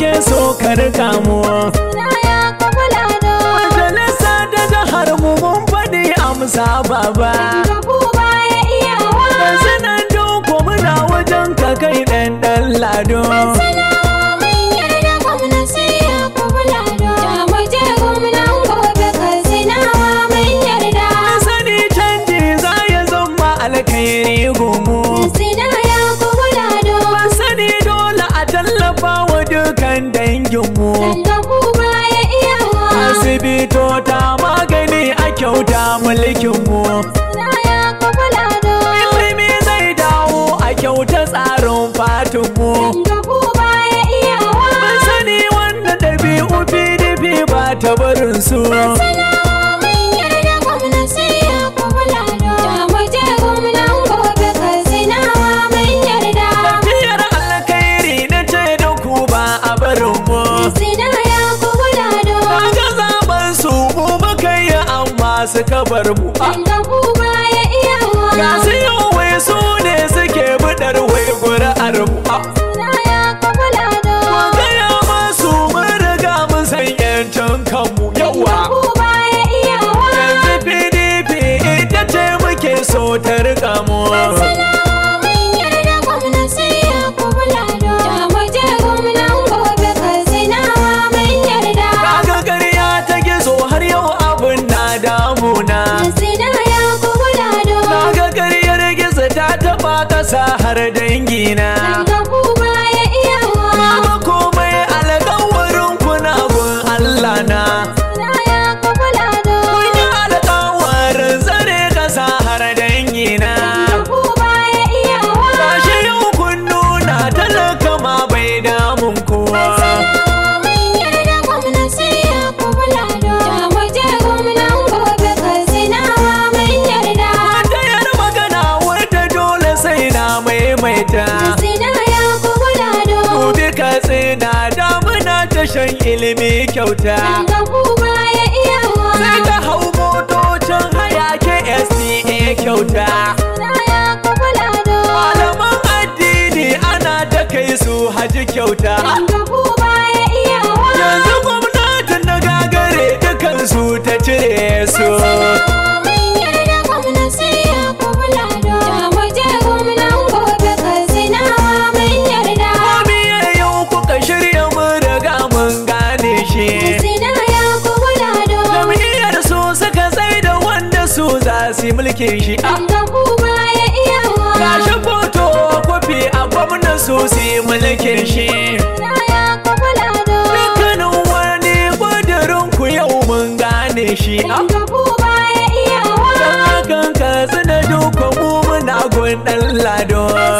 ke so ka rika mu majalisa da jihar mu mun faɗi amsa baba yanzu nan doko muna wajen ka kai ɗan ɗan lado maganin danginmu asibitota magani a kyauta mulkinmu ilimi zai dawo a kyauta tsarin fatinmu mun sani wannan ɗabi'u pdp ba ta barinsu ya bar ga wai su ne suke budar wai ƙuri'ar mu ya kabula gaya masu mun san yancin kanmu yawa yanzu pdp ita ce muke so ta riƙa mu Na ga karyar gizo ta taba ƙasa har dangina. tashan ilimi kyauta ya iyawa sai ka hau motocin haya KSTA kyauta malaman addini ana ta kai su haji kyauta yi mulki shi a kuma iya wa gashi foto kofi a gwamnan su su yi mulkin shi dukkanin wani kudurin ku yau mun gane shi a kan ka zina dukkan mu muna gun ɗan lado